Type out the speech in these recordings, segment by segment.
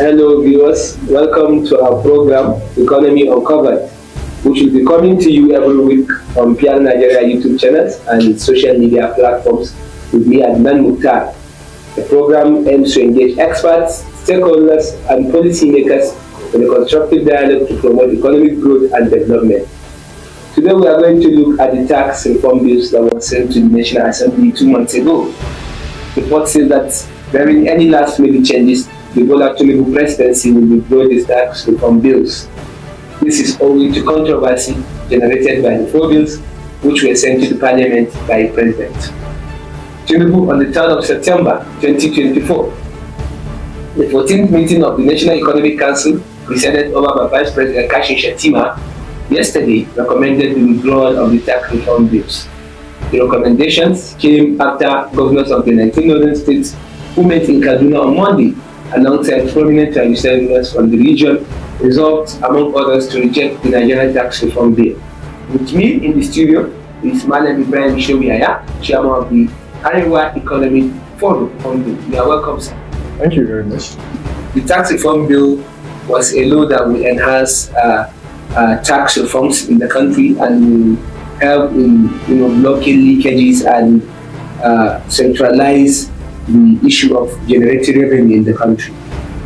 Hello viewers, welcome to our program Economy Uncovered, which will be coming to you every week on PR Nigeria YouTube channels and social media platforms with me Adnan Mukhtar. The program aims to engage experts, stakeholders and policymakers in a constructive dialogue to promote economic growth and development. Today we are going to look at the tax reform bills that were sent to the National Assembly two months ago. The report says that barring any last-minute changes, the goal actually the presidency will withdraw these tax reform bills. This is owing to controversy generated by the four bills which were sent to the parliament by the president. Tinubu on the 3rd of September 2024. The 14th meeting of the National Economic Council presided over by Vice President Kashin Shatima yesterday recommended the withdrawal of the tax reform bills. The recommendations came after governors of the 19 northern states who met in Kaduna on Monday alongside prominent and leaders from the region, resolved, among others, to reject the Nigerian tax reform bill. With me in the studio is Malam Ibrahim Shobiaya, chairman of the Arewa Economic Forum. You are welcome, sir. Thank you very much. The tax reform bill was a law that will enhance uh, uh, tax reforms in the country and help in you know, blocking leakages and uh, centralize the issue of generating revenue in the country.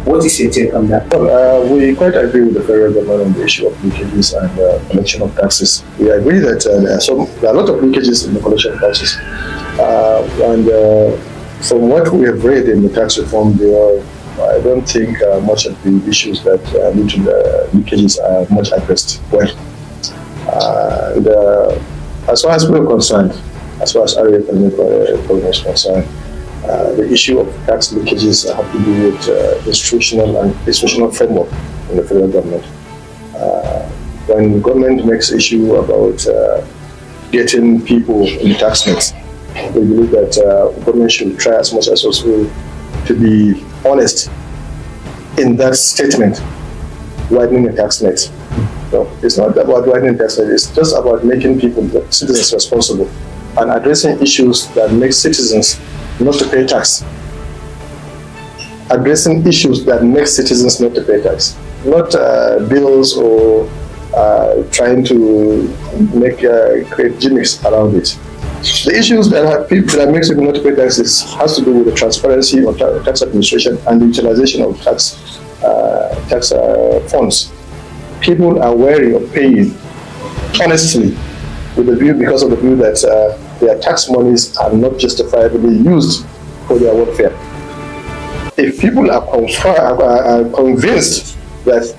What is your take on that? Well, uh, we quite agree with the federal government on the issue of leakages and uh, collection of taxes. We agree that uh, there, are some, there are a lot of leakages in the collection of taxes. Uh, and uh, from what we have read in the tax reform, bill, I don't think uh, much of the issues that uh, lead to the leakages are much addressed well. Uh, as far as we're concerned, as far as area permit program is concerned, uh, the issue of tax leakages have to do with uh, institutional and institutional framework in the federal government. Uh, when government makes issue about getting people in tax net, we believe that government should try as much as possible to be honest in that statement, widening the tax net. No, it's not about widening tax net, it's just about making people, citizens responsible and addressing issues that make citizens not to pay tax. Addressing issues that make citizens not to pay tax, not uh, bills or uh, trying to make uh, create gimmicks around it. The issues that have people that makes people not to pay taxes has to do with the transparency of ta tax administration and the utilization of tax uh, tax uh, funds. People are wary of paying honestly with the view because of the view that uh, their tax monies are not justifiably used for their welfare. If people are, are convinced that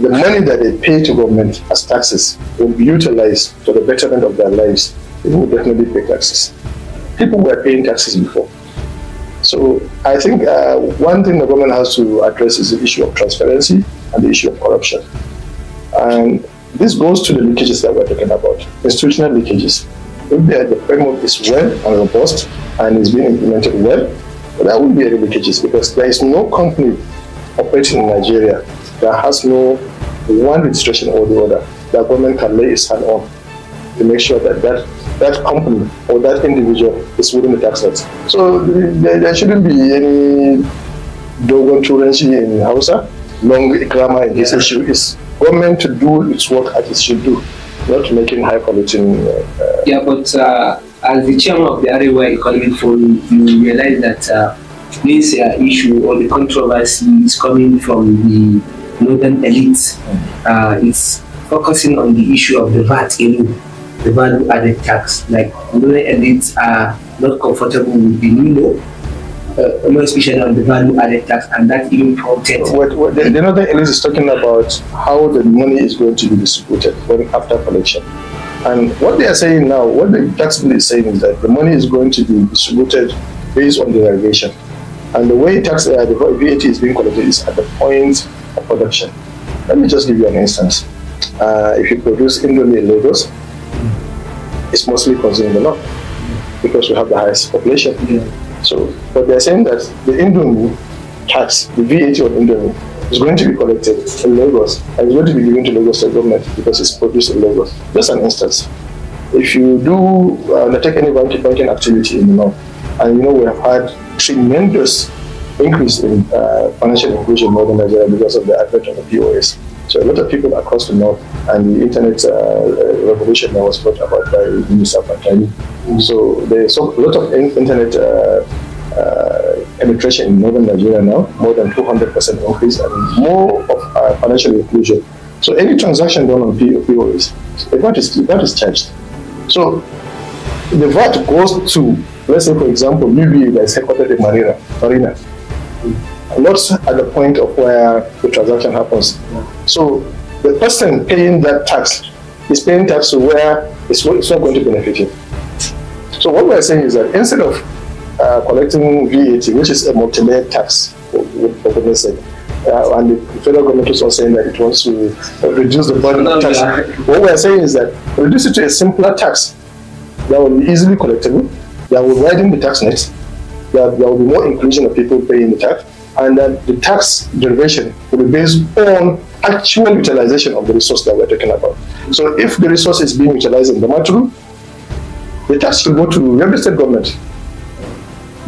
the money that they pay to government as taxes will be utilized for the betterment of their lives, they will definitely pay taxes. People were paying taxes before. So I think uh, one thing the government has to address is the issue of transparency and the issue of corruption. And this goes to the leakages that we're talking about, institutional leakages. If the, the framework is well and robust and is being implemented well, that would be a leakages because there is no company operating in Nigeria that has no one registration or the other that government can lay its hand on to make sure that that, that company or that individual is within the tax laws. So there, there shouldn't be any dogon turanci in Hausa, long grammar in this issue. is government to do its work as it should do not making high polluting. Uh, yeah, but uh, as the chairman of the Arewa Economic Forum, you realize that uh, this uh, issue or the controversy is coming from the northern elites. Uh, it's focusing on the issue of the VAT alone, the value added tax. Like northern elites are not comfortable with the new law uh, a of on the value added tax, and that even prompted. What, what, the, the another Elise is talking about how the money is going to be distributed when after collection. And what they are saying now, what the tax bill is saying is that the money is going to be distributed based on the derivation. And the way tax uh, the VAT is being collected is at the point of production. Let me just give you an instance. Uh, if you produce Indonesian in Lagos, it's mostly consumed in the because we have the highest population. Yeah. So but they're saying that the Indomie tax, the VAT on Indomie, is going to be collected in Lagos and it's going to be given to Lagos State government because it's produced in Lagos. Just an instance. If you do uh, undertake any banking activity in the north, and you know we have had tremendous increase in uh, financial inclusion in northern Nigeria because of the advent of the POS. So a lot of people across the north and the internet uh, uh revolution that was brought about by Minister Pantani. So there's a lot of internet uh, uh, penetration in northern Nigeria now, more than 200% increase, and more of financial inclusion. So any transaction done on P O is that is that is charged. So the VAT goes to, let's say, for example, maybe that is headquartered in Marina, Marina, not at the point of where the transaction happens. So the person paying that tax is paying tax to where it's not going to benefit him. So what we're saying is that instead of uh, collecting VAT, which is a multi-layered tax what they said, Uh, and the federal government is also saying that it wants to reduce the burden of tax. What we are saying is that reduce it to a simpler tax that will be easily collectible, that will widen the tax net, that there will be more inclusion of people paying the tax, and that the tax derivation will be based on actual utilization of the resource that we're talking about. So if the resource is being utilized in the material, the tax should go to the state government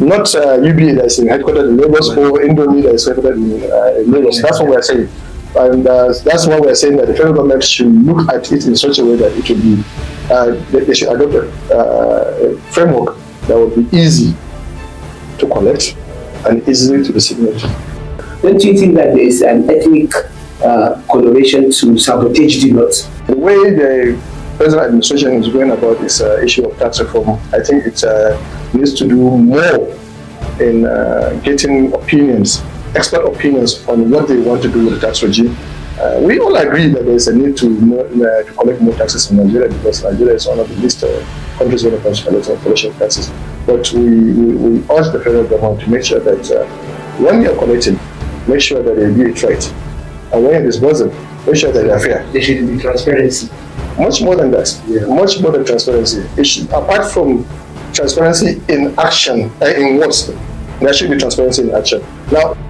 not uh, UBA that is headquartered in Lagos or Indomie that is headquartered in, uh, in Lagos. That's what we're saying. And uh, that's why we're saying that the federal government should look at it in such a way that it should be, uh, they should adopt a, uh, a framework that would be easy to collect and easily to disseminate. Don't you think that there is an ethnic uh, coloration to sabotage the The way the present administration is going about this uh, issue of tax reform, I think it uh, needs to do more in uh, getting opinions, expert opinions on what they want to do with the tax regime. Uh, we all agree that there is a need to, more, uh, to collect more taxes in Nigeria because Nigeria is one of the least countries when it comes to collecting collection taxes. But we, we, we, urge the federal government to make sure that when you are collecting, make sure that they do it right. And when you disburse them, make sure that they are fair. There should be transparency much more than that, yeah. much more than transparency. Should, apart from transparency in action, uh, in words, there should be transparency in action. Now,